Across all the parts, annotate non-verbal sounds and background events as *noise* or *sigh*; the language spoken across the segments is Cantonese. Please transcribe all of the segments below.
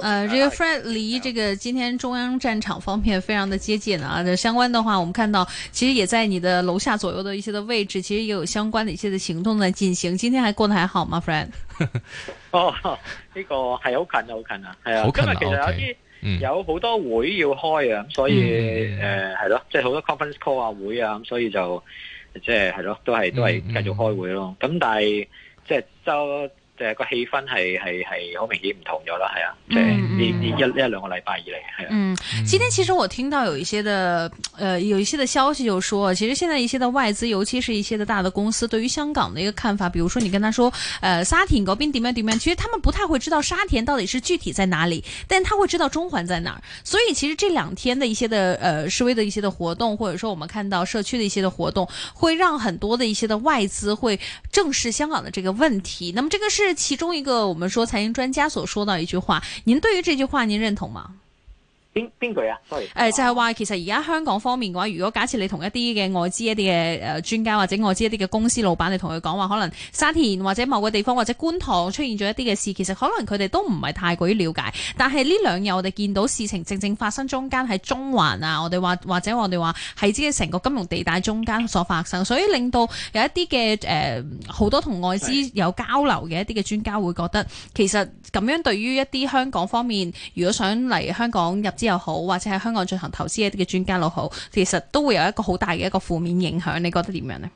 呃，呢個 friend 離，這個今天中央戰場方面非常的接近啊！就相關的話，我們看到其實也在你的樓下左右的一些的位置，其實也有相關的一些的行動在進行。今天還過得還好嗎 friend 哦，呢、這個係好近，近是啊，好近啊，係啊，好今日其實有啲、okay. 有好多會要開、mm-hmm. 呃啊，就是、啊，會啊，所以誒，係、就、咯、是，即係好多 conference call 啊會啊，咁所以就即係，係咯，都係都係繼續開會咯。咁、mm-hmm. 但係即係就。就係個氣氛係係係好明顯唔同咗啦，係啊，即係呢呢一呢一兩個禮拜以嚟係啊嗯。嗯，今天其實我聽到有一些的，呃，有一些的消息，就說，其實現在一些的外資，尤其是一些的大的公司，對於香港的一個看法，比如說你跟他說，呃，沙田嗰邊點點其實他們不太會知道沙田到底是具體在哪裡，但他會知道中環在哪。所以其實這兩天的一些的，呃，示威的一些的活動，或者說我們看到社區的一些的活動，會讓很多的一些的外資會正視香港的這個問題。那麼這個是。這其中一個我們說財經專家所說到一句話，您對於這句話您認同嗎？邊邊句啊？Sorry、誒就係話，其實而家香港方面嘅話，如果假設你同一啲嘅外資一啲嘅誒專家或者外資一啲嘅公司老闆，你同佢講話，可能沙田或者某個地方或者觀塘出現咗一啲嘅事，其實可能佢哋都唔係太過於了解。但係呢兩日我哋見到事情正正發生中間喺中環啊，我哋話或者我哋話喺自己成個金融地帶中間所發生，所以令到有一啲嘅誒好多同外資有交流嘅一啲嘅專家會覺得，其實咁樣對於一啲香港方面，如果想嚟香港入。之又好，或者喺香港進行投資嘅啲嘅專家都好，其實都會有一個好大嘅一個負面影響，你覺得點樣呢？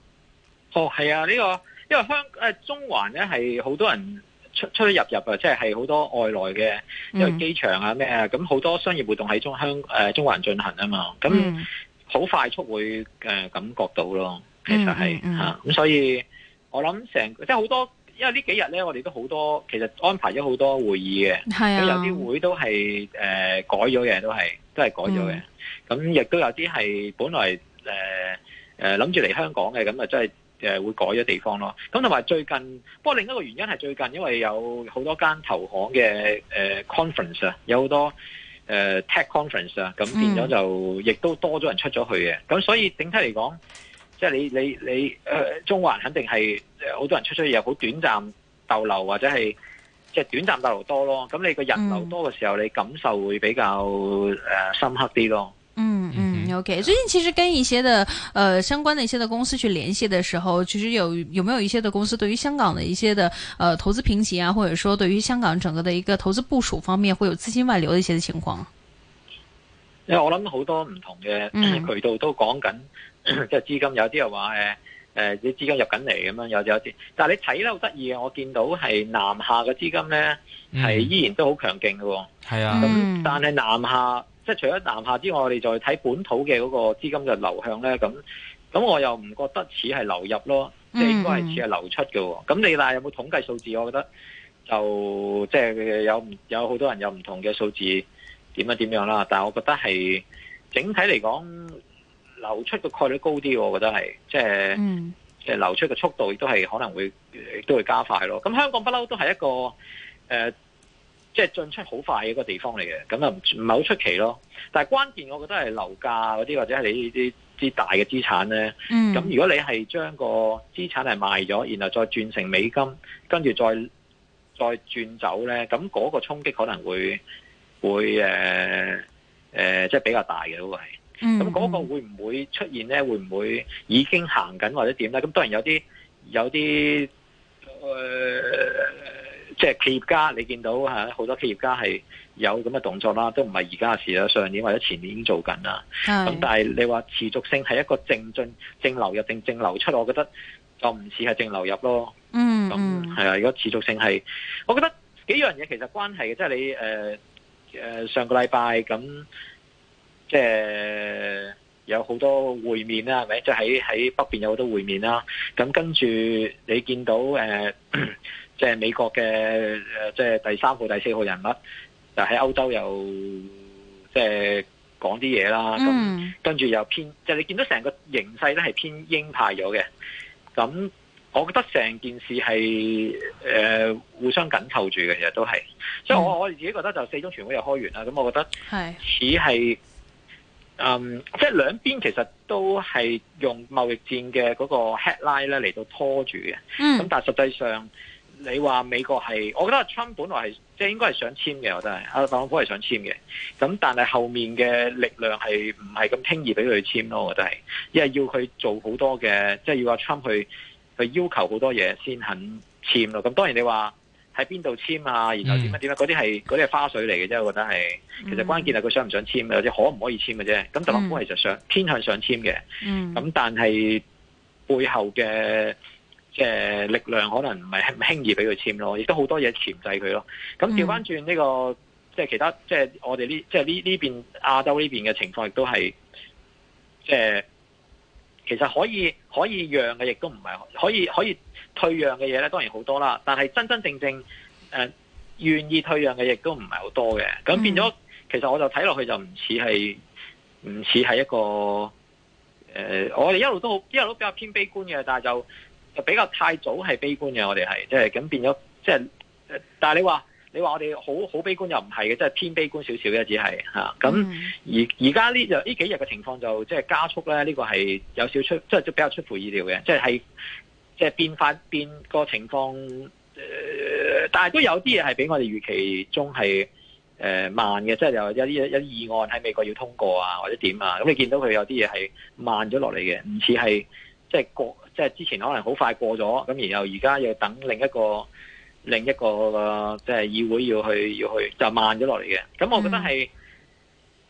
哦，係啊，呢、呢個因為香誒中環咧係好多人出出入入啊，即係係好多外來嘅，因為機場啊咩啊，咁、嗯、好多商業活動喺中香誒中環進行啊嘛，咁好、嗯、快速會誒、呃、感覺到咯，其實係嚇，咁、嗯嗯嗯啊、所以我諗成即係好多。因為呢幾日咧，我哋都好多其實安排咗好多會議嘅，咁、啊嗯、有啲會都係誒、呃、改咗嘅，都係都係改咗嘅。咁亦都有啲係本來誒誒諗住嚟香港嘅，咁啊真係誒會改咗地方咯。咁同埋最近，不過另一個原因係最近，因為有好多間投行嘅誒、呃、conference 啊，有好多誒 tech conference 啊，咁變咗就亦都多咗人出咗去嘅。咁所以整體嚟講，即係你你你，誒、呃，中環肯定係呃、好多人出出去，又好短暫逗留，或者係即係短暫逗留多咯。咁你個人流多嘅時候、嗯，你感受會比較誒、呃、深刻啲咯。嗯嗯，OK。最近其實跟一些嘅誒、呃、相關嘅一些嘅公司去聯繫嘅時候，其實有有冇有一些嘅公司對於香港嘅一些嘅誒、呃、投資評級啊，或者說對於香港整個嘅一個投資部署方面，會有資金外流嘅一些情況？因為我諗好多唔同嘅渠道都講緊。嗯即係資金有，欸、金有啲又話誒誒啲資金入緊嚟咁樣，有有啲。但係你睇得好得意嘅，我見到係南下嘅資金咧係、mm. 依然都好強勁嘅。係、mm. 啊、嗯，咁但係南下即係除咗南下之外，我哋再睇本土嘅嗰個資金嘅流向咧，咁咁我又唔覺得似係流入咯，你、mm. 應該係似係流出嘅。咁你嗱有冇統計數字？我覺得就即係有有好多人有唔同嘅數字，點樣點樣啦？但係我覺得係整體嚟講。流出嘅概率高啲，我覺得係，即係即係流出嘅速度亦都係可能會亦都會加快咯。咁香港不嬲都係一個誒，即係進出好快嘅一個地方嚟嘅，咁就唔係好出奇咯。但係關鍵我覺得係樓價嗰啲或者係你呢啲啲大嘅資產咧。咁、嗯、如果你係將個資產係賣咗，然後再轉成美金，跟住再再轉走咧，咁嗰個衝擊可能會會誒誒，即係比較大嘅嗰個係。咁嗰個會唔會出現咧、嗯？會唔會已經行緊或者點咧？咁當然有啲有啲誒，即、呃、係、就是、企業家，你見到吓好多企業家係有咁嘅動作啦，都唔係而家嘅事啦，上年或者前年已經做緊啦。咁但係你話持續性係一個正進、正流入定正，正流出，我覺得就唔似係正流入咯。嗯，咁係啊，如果持續性係，我覺得幾樣嘢其實關係嘅，即、就、係、是、你誒、呃呃、上個禮拜咁。即係有好多會面啦，係咪？即係喺喺北邊有好多會面啦。咁跟住你見到誒、呃，即係美國嘅，即係第三號、第四號人物，就喺歐洲又即係講啲嘢啦。咁、嗯、跟住又偏，就你見到成個形勢咧係偏鷹派咗嘅。咁我覺得成件事係誒、呃、互相緊扣住嘅，其實都係。所以我、嗯、我自己覺得就四中全會又開完啦。咁我覺得似係。嗯，即係兩邊其實都係用貿易戰嘅嗰個 headline 咧嚟到拖住嘅。嗯，咁但係實際上你話美國係，我覺得 Trump 本來係即係應該係想簽嘅，我覺得係阿特朗普係想簽嘅。咁但係後面嘅力量係唔係咁輕易俾佢去簽咯，我覺得係，因為要佢做好多嘅，即係要阿 Trump 去去要求好多嘢先肯簽咯。咁當然你話。喺邊度簽啊？然後點樣點樣？嗰啲係啲係花水嚟嘅啫，我覺得係。其實關鍵係佢想唔想簽，或者可唔可以簽嘅啫。咁特朗普其實想偏向想簽嘅，咁但係背後嘅即係力量可能唔係輕易俾佢簽咯，亦都好多嘢潛制佢咯。咁調翻轉呢個即係其他即係我哋呢即係呢呢邊亞洲呢邊嘅情況，亦都係即係其實可以可以讓嘅，亦都唔係可以可以。可以退讓嘅嘢咧，當然好多啦，但係真真正正誒願意退讓嘅，亦都唔係好多嘅。咁變咗，其實我就睇落去就唔似係，唔似係一個誒，我哋一路都好一路都比較偏悲觀嘅，但係就就比較太早係悲觀嘅。我哋係即係咁變咗，即係誒，但係你話你話我哋好好悲觀又唔係嘅，即係偏悲觀少少嘅，只係吓咁。而而家呢就呢幾日嘅情況就即係加速咧，呢個係有少出即係都比較出乎意料嘅，即係。即係變化，變個情況，呃，但係都有啲嘢係俾我哋預期中係誒、呃、慢嘅，即係有啲有有有議案喺美國要通過啊，或者點啊，咁你見到佢有啲嘢係慢咗落嚟嘅，唔似係即係過即係之前可能好快過咗，咁然後而家又等另一個另一個個即係議會要去要去就慢咗落嚟嘅。咁我覺得係，嗯、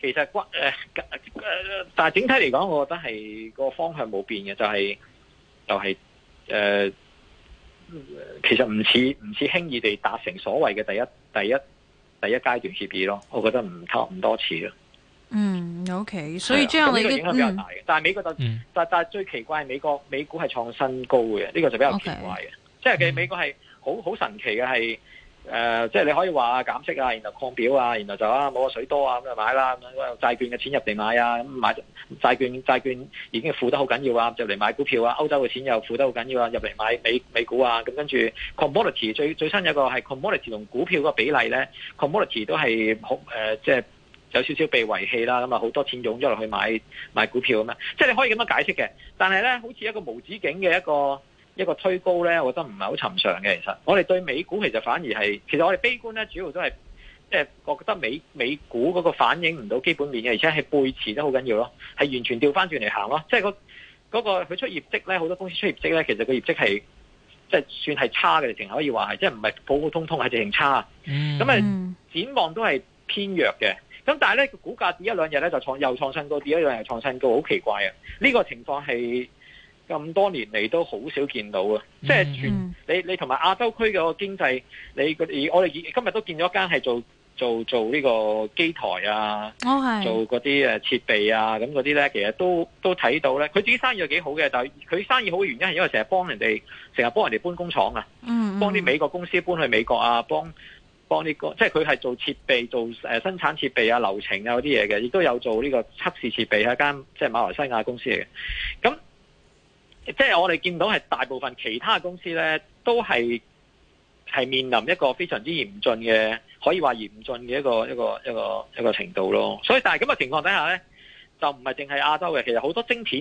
其實骨誒、呃呃呃呃呃，但係整體嚟講，我覺得係個方向冇變嘅，就係、是、就係、是。誒、呃，其實唔似唔似輕易地達成所謂嘅第一第一第一階段協議咯，我覺得唔差唔多似咯。嗯，OK，所以即係我哋影響比較大嘅、嗯，但係美國就、嗯、但但係最奇怪係美國美股係創新高嘅，呢、這個就比較奇怪嘅，即係嘅美國係好好神奇嘅係。誒、呃，即係你可以話減息啊，然後擴表啊，然後就啊冇個水多啊，咁就買啦，咁啊債券嘅錢入嚟買啊，咁買債券債券已經負得好緊要啊，入嚟買股票啊，歐洲嘅錢又負得好緊要啊，入嚟買美美股啊，咁跟住 commodity、嗯、最最新有個係 commodity 同股票個比例咧，commodity、嗯嗯、都係好誒，即係有少少被遺棄啦，咁啊好多錢湧咗落去買買股票咁啊、嗯，即係你可以咁樣解釋嘅，但係咧好似一個無止境嘅一個。一個推高咧，我覺得唔係好尋常嘅。其實我哋對美股其實反而係，其實我哋悲觀咧，主要都係即係覺得美美股嗰個反映唔到基本面嘅，而且係背持得好緊要咯，係完全調翻轉嚟行咯。即係嗰個佢、嗰個、出業績咧，好多公司出業績咧，其實個業績係即係算係差嘅，直情可以話係，即係唔係普普通通，係直情差。咁啊，展望都係偏弱嘅。咁但係咧，個股價跌一兩日咧就創又創新高，跌一兩日又創新高，好奇怪啊！呢、呢個情況係。咁多年嚟都好少見到啊！即、嗯、係、就是、全你你同埋亞洲區嘅經濟，你我哋今日都見咗間係做做做呢個機台啊，哦、做嗰啲誒設備啊，咁嗰啲咧其實都都睇到咧。佢自己生意又幾好嘅，但係佢生意好嘅原因係因為成日幫人哋，成日幫人哋搬工廠啊，嗯嗯、幫啲美國公司搬去美國啊，幫幫啲即係佢係做設備做誒生產設備啊、流程啊嗰啲嘢嘅，亦都有做呢個測試設備係間即係馬來西亞公司嚟嘅，咁。即係我哋見到係大部分其他公司呢，都係係面臨一個非常之嚴峻嘅，可以話嚴峻嘅一個一個一個一個程度咯。所以但係咁嘅情況底下呢，就唔係淨係亞洲嘅，其實好多晶片。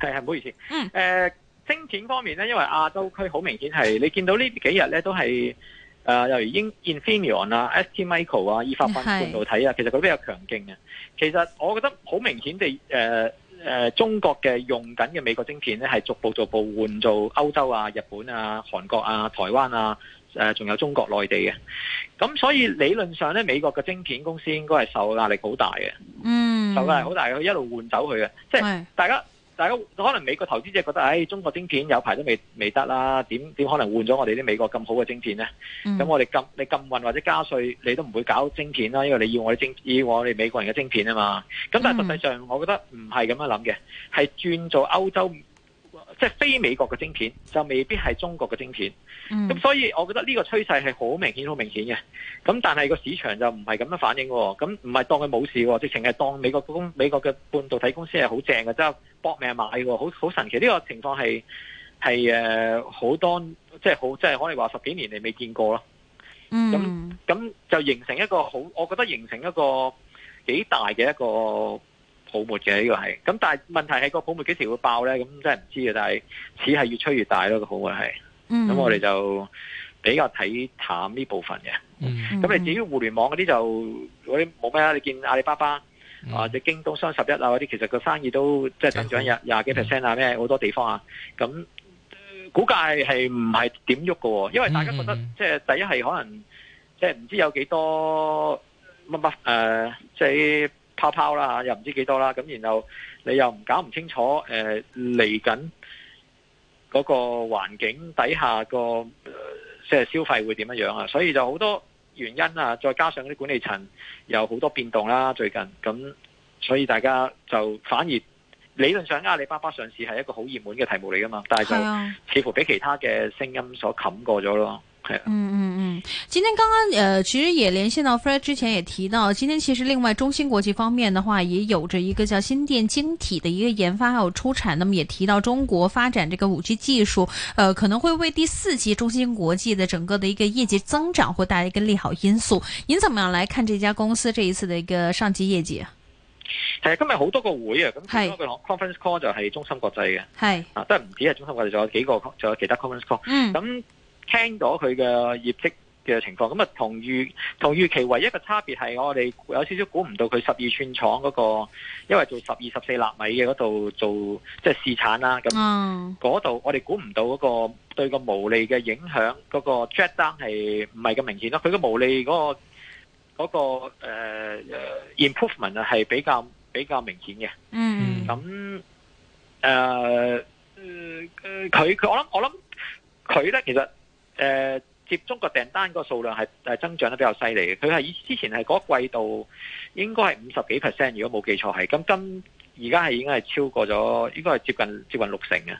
係係，唔好意思。嗯。誒，晶片方面咧，因為亞洲區好明顯係你見到幾呢幾日咧，都係誒，由於英 Infineon 啊、STMicro 啊、依發半導體啊，其實佢比較強勁嘅。其實我覺得好明顯地，誒、呃呃、中國嘅用緊嘅美國晶片咧，係逐步逐步換做歐洲啊、日本啊、韓國啊、台灣啊，仲、呃、有中國內地嘅。咁所以理論上咧，美國嘅晶片公司應該係受壓力好大嘅。嗯。受壓力好大，佢一路換走佢嘅，即係大家。大家可能美國投資者覺得，唉、哎，中國晶片有排都未未得啦，點點可能換咗我哋啲美國咁好嘅晶片咧？咁、嗯、我哋禁你禁運或者加稅，你都唔會搞晶片啦，因為你要我哋晶，要我哋美國人嘅晶片啊嘛。咁但係實際上，我覺得唔係咁樣諗嘅，係、嗯、轉做歐洲。即係非美國嘅晶片，就未必係中國嘅晶片，嗯。咁所以我覺得呢個趨勢係好明顯、好明顯嘅。咁但係個市場就唔係咁樣反應，咁唔係當佢冇事，直情係當美國嘅公、美國嘅半導體公司係好正嘅，即係搏命買，好好神奇呢個情況係係誒好多即係好即係可以話十幾年嚟，未見過咯。咁咁就形成一個好，我覺得形成一個幾大嘅一個。泡沫嘅呢個係，咁但係問題係個泡沫幾時會爆咧？咁真係唔知嘅，但係似係越吹越大咯。個泡沫係，咁、mm-hmm. 我哋就比較睇淡呢部分嘅。咁、mm-hmm. 你至於互聯網嗰啲就嗰啲冇咩啦。你見阿里巴巴或者、mm-hmm. 啊、京東雙十一啊嗰啲，其實個生意都即係增長廿廿幾 percent 啊咩，好、mm-hmm. 多地方啊。咁估計係唔係點喐喎？因爲大家覺得、mm-hmm. 即係第一係可能即係唔知有幾多乜乜誒，即係。呃就是泡泡啦，又唔知幾多啦，咁然後你又唔搞唔清楚，誒嚟緊嗰個環境底下個即係消費會點樣啊？所以就好多原因啊，再加上啲管理層有好多變動啦，最近咁，所以大家就反而理論上阿里巴巴上市係一個好熱門嘅題目嚟噶嘛，但係就似乎俾其他嘅聲音所冚過咗咯。嗯嗯嗯，今天剛剛，呃，其實也連線到 Fred，之前也提到，今天其實另外中芯國際方面的話，也有着一個叫新電晶體的一個研發，還有出產，那麼也提到中國發展這個五 G 技術，呃，可能會為第四季中芯國際的整個的一個業績增長，會帶來一個利好因素。您怎麼樣來看這家公司這一次的一個上季業績？係今日好多個會啊，咁，Conference Call 就係中芯國際嘅，係啊，都係唔止係中芯國際，仲有幾個，仲有其他 Conference Call，嗯，咁。聽咗佢嘅業績嘅情況，咁啊同預同預期唯一嘅差別係，我哋有少少估唔到佢十二寸廠嗰個，因為做十二十四納米嘅嗰度做即係試產啦，咁嗰度我哋估唔到嗰個對個毛利嘅影響，嗰個 drop down 係唔係咁明顯咯？佢個毛利嗰個嗰個呃 improvement 啊，係比較比較明顯嘅。嗯、mm.，咁呃，誒佢佢我諗我諗佢咧，其實。誒，接中國訂單個數量係誒增長得比較犀利嘅，佢係以之前係嗰季度應該係五十幾 percent，如果冇記錯係，咁今而家係已經係超過咗，應該係接近接近六成嘅。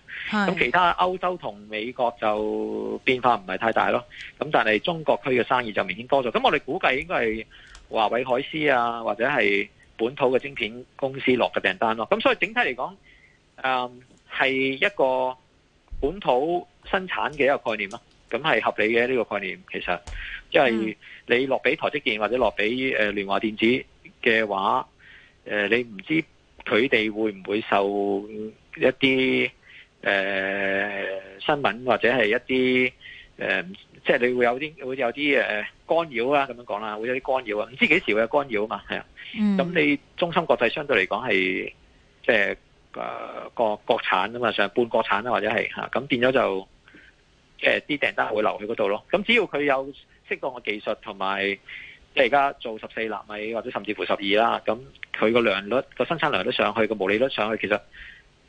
咁其他歐洲同美國就變化唔係太大咯，咁但係中國區嘅生意就明顯多咗。咁我哋估計應該係華為海思啊，或者係本土嘅晶片公司落嘅訂單咯。咁所以整體嚟講，誒係一個本土生產嘅一個概念囉。咁係合理嘅呢，這個概念，其實，因、就、為、是、你落俾台積電或者落俾誒聯華電子嘅話，誒、呃、你唔知佢哋會唔會受一啲誒、呃、新聞或者係一啲誒，即、呃、係、就是、你會有啲會有啲誒、呃、干擾啊，咁樣講啦，會有啲干擾啊，唔知幾時會有干擾啊嘛，係啊，咁、嗯、你中芯國際相對嚟講係即係誒國國產啊嘛，上半國產啊或者係嚇，咁變咗就。誒啲訂單會留喺嗰度咯，咁只要佢有適當嘅技術同埋，即係而家做十四納米或者甚至乎十二啦，咁佢個良率個生產良率上去，個毛利率上去，其實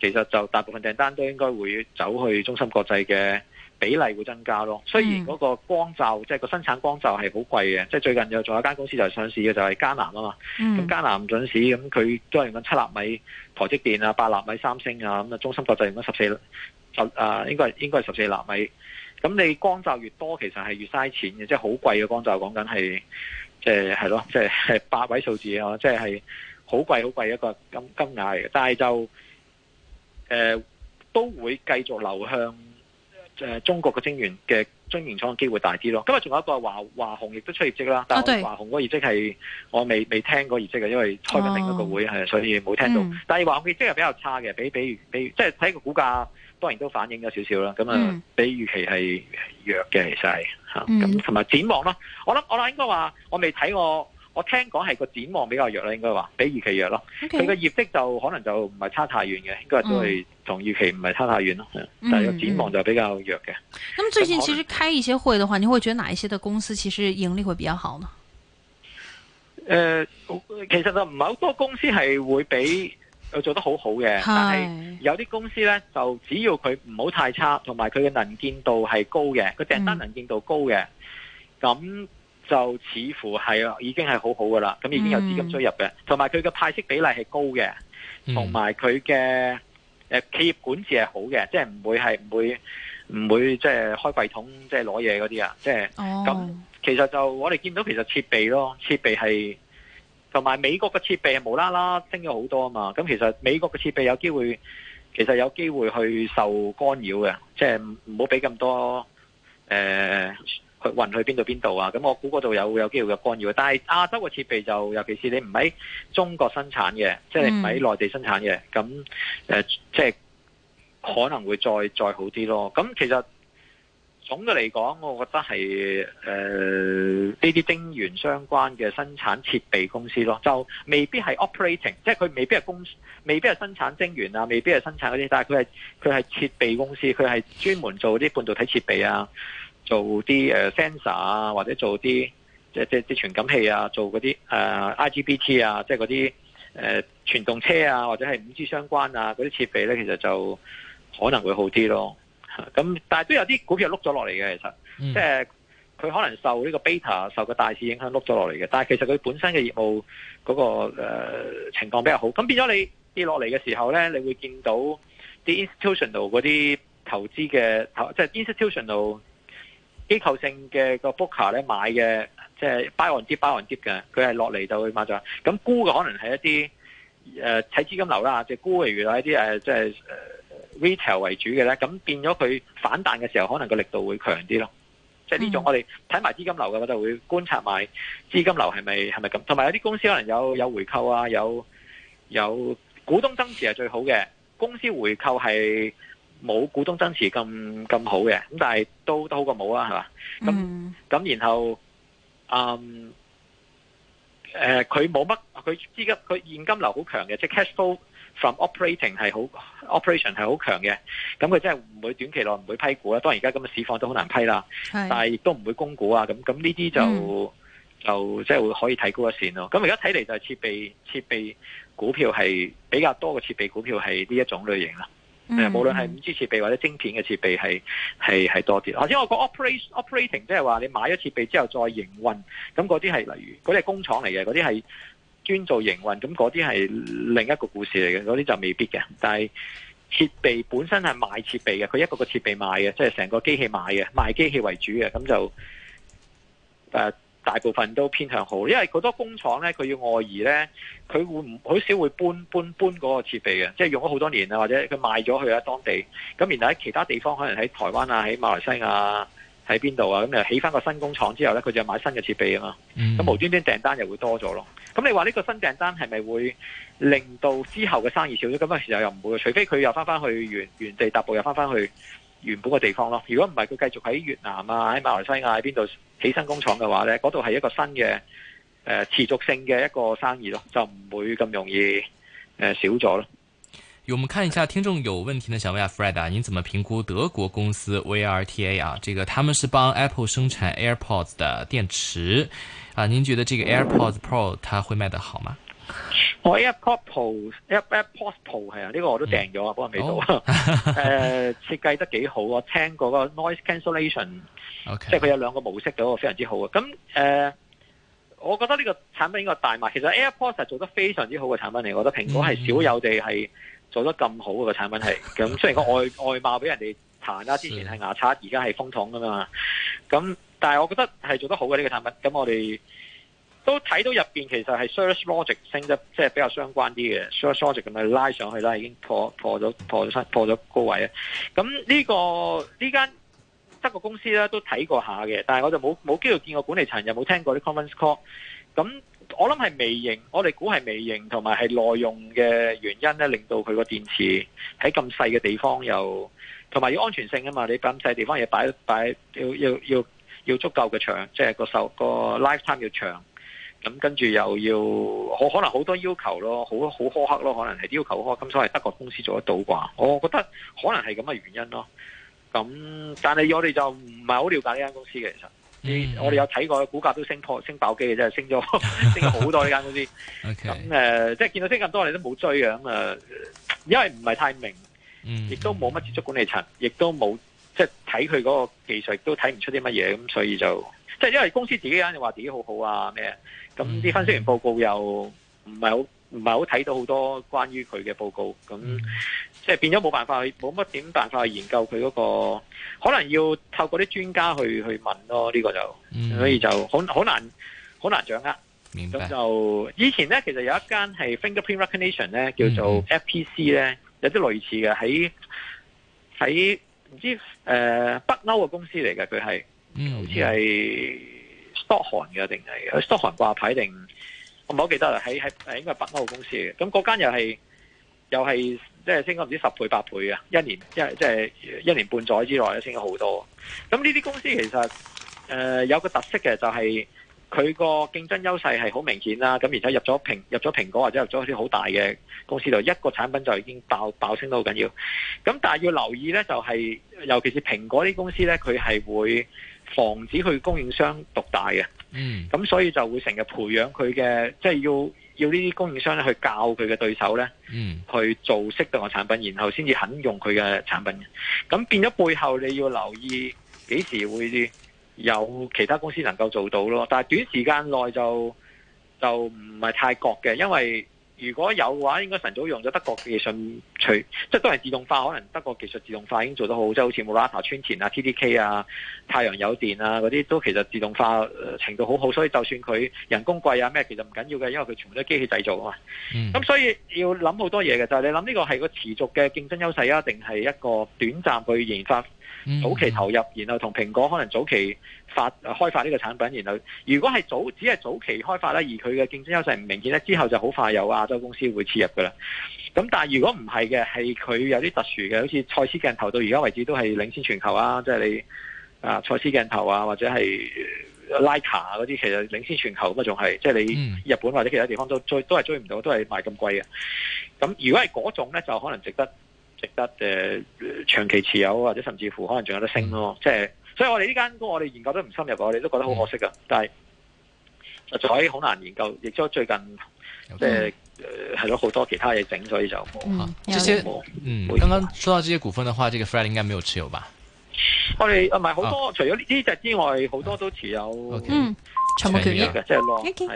其實就大部分訂單都應該會走去中芯國際嘅比例會增加咯。雖然嗰個光罩、mm. 即係個生產光罩係好貴嘅，即係最近又仲有一間公司就係上市嘅，就係、是、嘉楠啊嘛。咁、mm. 嘉楠唔準時，咁佢都係用緊七納米台積電啊、八納米三星啊，咁啊中芯國際用緊十四。十應該係應該係十四納米。咁你光罩越多，其實係越嘥錢嘅，即係好貴嘅光罩我講。講緊係，即係即係係八位數字即係好貴好貴一個金金額嚟嘅。但係就誒、呃、都會繼續流向、呃、中國嘅晶圓嘅晶圓廠機會大啲囉。今日仲有一個華華虹亦都出業績啦，但係、啊、華虹個業績係我未未聽嗰個業績嘅，因為開緊另一個會係、哦，所以冇聽到。嗯、但係華虹業績係比較差嘅，比比比即係睇個股價，當然都反映咗少少啦，咁啊，比預期係弱嘅其實吓，咁同埋展望咯，我諗我諗應該話我未睇過，我聽講係個展望比較弱啦，應該話比預期弱咯。佢，okay, 個業績就可能就唔係差太遠嘅，應該都係同預期唔係差太遠咯，嗯，但係個展望就比較弱嘅。咁、嗯嗯、最近其實開一些會嘅話，你會覺得哪一些嘅公司其實盈利會比較好呢？誒、呃，其實就唔係好多公司係會比。佢做得好好嘅，但係有啲公司咧就只要佢唔好太差，同埋佢嘅能見度係高嘅，個訂單能見度高嘅，咁、嗯、就似乎係啊，已經係好好噶啦，咁已經有資金追入嘅，同埋佢嘅派息比例係高嘅，同埋佢嘅誒企業管治係好嘅，即係唔會係唔會唔會即係開櫃桶即係攞嘢嗰啲啊，即係咁、哦，其實就我哋見到其實設備咯，設備係。同埋美國嘅設備係無啦啦升咗好多啊嘛，咁其實美國嘅設備有機會，其實有機會去受干擾嘅，即係唔好俾咁多誒去、呃、運去邊度邊度啊！咁我估嗰度有有機會嘅干擾，但係亞洲嘅設備就尤其是你唔喺中國生產嘅，即係你唔喺內地生產嘅，咁誒即係可能會再再好啲咯。咁其實。總嘅嚟講，我覺得係誒呢啲晶圓相關嘅生產設備公司咯，就未必係 operating，即係佢未必係公司，未必係生產晶圓啊，未必係生產嗰啲，但係佢係佢係設備公司，佢係專門做啲半導體設備啊，做啲誒 sensor 啊，或者做啲即即啲傳感器啊，做嗰啲誒 IGBT 呃啊，即係嗰啲誒電動車啊，或者係五 G 相關啊嗰啲設備咧，其實就可能會好啲咯。咁但係都有啲股票係碌咗落嚟嘅，其實即係佢可能受呢個 beta 受個大市影響碌咗落嚟嘅。但係其實佢本身嘅業務嗰、個、呃、情況比較好。咁變咗你跌落嚟嘅時候咧，你會見到啲 institutional 嗰啲投資嘅，即係 institutional 機構性嘅個 broker 咧買嘅，即係 buy on dip buy on dip 嘅，佢係落嚟就會買咗。咁沽嘅可能係一啲誒睇資金流啦，即係沽嘅原來一啲誒、呃、即係 retail 為主嘅咧，咁變咗佢反彈嘅時候，可能個力度會強啲咯。即係呢種、嗯、我哋睇埋資金流嘅話，就會觀察埋資金流係咪係咪咁。同埋有啲公司可能有有回購啊，有有股，有股東增持係最好嘅。公司回購係冇股東增持咁咁好嘅，咁但係都都好過冇啊，係嘛？咁、嗯、咁然後嗯佢冇乜佢資金佢現金流好強嘅，即係 cash flow。From operating 係好 operation 係好強嘅，咁佢真係唔會短期內唔會批股啦。當然而家咁嘅市況都好難批啦，但係亦都唔會供股啊。咁咁呢啲就、嗯、就即係會可以提高一線咯。咁而家睇嚟就係設備設備股票係比較多嘅設備股票係呢一種類型啦，嗯。無論係五 G 設備或者晶片嘅設備係係係多啲。或者我個 operating operating 即係話你買咗設備之後再營運，咁嗰啲係例如嗰啲係工廠嚟嘅，嗰啲係。專做營運，咁嗰啲係另一個故事嚟嘅，嗰啲就未必嘅。但係設備本身係賣設備嘅，佢一個個設備賣嘅，即係成個機器賣嘅，賣機器為主嘅，咁就誒、呃、大部分都偏向好，因為好多工廠咧，佢要外移咧，佢會唔好少會搬搬搬嗰個設備嘅，即係用咗好多年啊，或者佢賣咗去喺當地，咁然後喺其他地方可能喺台灣啊，喺馬來西亞。喺邊度啊？咁又起翻個新工廠之後呢，佢就買新嘅設備啊嘛。咁、嗯、無端端訂單又會多咗咯。咁你話呢個新訂單係咪會令到之後嘅生意少咗？咁嘅時候又唔會，除非佢又翻翻去原地原地踏步，又翻翻去原本嘅地方咯。如果唔係，佢繼續喺越南啊、喺馬來西亞、喺邊度起新工廠嘅話呢，嗰度係一個新嘅、呃、持續性嘅一個生意咯，就唔會咁容易、呃、少咗咯。有，我們看一下聽眾有問題呢，想問下 Fred 啊，您怎麼評估德國公司 VARTA 啊？這個他們是幫 Apple 生產 AirPods 的電池，啊，您覺得這個 AirPods Pro 它會賣得好嗎？我、oh, AirPods，AirPods Pro 係啊，呢個我都訂咗啊，不過未到啊，誒，oh. 呃、 *laughs* 設計得幾好啊，聽嗰個 noise cancellation，、okay. 即係佢有兩個模式嘅，非常之好啊。咁誒、呃，我覺得呢個產品應該大賣，其實 AirPods 係做得非常之好嘅產品嚟，我覺得蘋果係少有地係。嗯是做得咁好個產品係，咁雖然個外外貌俾人哋彈啦，之前係牙刷，而家係風筒噶嘛，咁但係我覺得係做得好嘅呢個產品。咁我哋都睇到入面其實係 search logic 升得即係比較相關啲嘅 search logic 咁樣拉上去啦，已經破破咗破咗破咗高位啊。咁呢個呢間德國公司咧都睇過下嘅，但係我就冇冇機會見過管理層，又冇聽過啲 conference call，咁。我諗係微型，我哋估係微型，同埋係耐用嘅原因咧，令到佢個電池喺咁細嘅地方又同埋要安全性啊嘛，你咁細地方又擺擺擺要擺擺要要要要足夠嘅長，即係個壽個 lifetime 要長，咁跟住又要可能好多要求咯，好好苛刻咯，可能係要求苛刻，咁所謂德國公司做得到啩，我覺得可能係咁嘅原因咯。咁但係我哋就唔係好了解呢間公司嘅其實。嗯、我哋有睇過，股價都升升爆機嘅，真係，升咗 *laughs* 升咗好多呢間公司。咁 *laughs* 誒、okay. 呃，即係見到升咁多，你都冇追嘅咁、呃、因為唔係太明，亦、嗯、都冇乜接觸管理層，亦都冇即係睇佢嗰個技術，都睇唔出啲乜嘢，咁所以就即係因為公司自己間就話自己好好啊咩，咁啲分析員報告又唔係好。唔係好睇到好多關於佢嘅報告，咁、嗯、即係變咗冇辦法，冇乜點辦法去研究佢嗰、那個，可能要透過啲專家去去問咯。呢、這個就、嗯、所以就好好難好難掌握。明白。咁就以前咧，其實有一間係 Fingerprint Recognition 咧，叫做 FPC 咧、嗯，有啲類似嘅喺喺唔知誒、呃、北歐嘅公司嚟嘅，佢係、嗯、好似係 Stockholm 嘅定係 Stockholm 掛牌定？我唔好記得啦，喺喺誒應該北歐公司嘅，咁嗰間又係又係即係升咗唔知十倍八倍呀，一年即係一，、就是、一年半載之內都升咗好多。咁呢啲公司其實誒、呃、有個特色嘅就係佢個競爭優勢係好明顯啦，咁而且入咗蘋入咗蘋果或者入咗一啲好大嘅公司度，一個產品就已經爆爆升到好緊要。咁但係要留意呢，就係、是、尤其是蘋果啲公司呢，佢係會防止佢供應商獨大嘅。嗯，咁所以就會成日培養佢嘅，即係要要呢啲供應商咧去教佢嘅對手咧，嗯，去做適當嘅產品，然後先至肯用佢嘅產品。咁變咗背後你要留意幾時會有其他公司能夠做到咯，但係短時間內就就唔係太覺嘅，因為。如果有嘅話，應該晨早用咗德國技術鋰，即係都係自動化，可能德國技術自動化已經做得好，即係好似莫拉塔村田啊、T D K 啊、太陽有電啊嗰啲，都其實自動化程度好好，所以就算佢人工貴啊咩，其實唔緊要嘅，因為佢全部都機器製造啊嘛。咁、嗯、所以要諗好多嘢嘅，就係、是、你諗呢個係個持續嘅競爭優勢啊，定係一個短暫去研發？.早期投入，然後同蘋果可能早期發、啊、開發呢個產品，然後如果係早只係早期開發咧，而佢嘅競爭優勢唔明顯咧，之後就好快有亞洲公司會切入㗎啦。咁但係如果唔係嘅，係佢有啲特殊嘅，好似蔡司鏡頭到而家為止都係領先全球啊，即係你啊蔡司鏡頭啊，或者係 Leica 嗰啲，其實領先全球咁仲係即係你日本或者其他地方都追都係追唔到，都係賣咁貴嘅。咁如果係嗰種咧，就可能值得。值得誒、呃、長期持有，或者甚至乎可能仲有得升咯、嗯，即係所以我哋呢間我哋研究得唔深入，我哋都覺得好可惜噶、嗯。但係就好難研究，亦都最近即係誒係咗好多其他嘢整，所以就冇。嗯這些有有嗯，剛剛講到呢啲股份嘅話，呢、呢個 Fred 應該冇持有吧？我哋唔係好多，啊、除咗呢啲隻之外，好多都持有。嗯、okay.，全部權益嘅，即係攞係啊。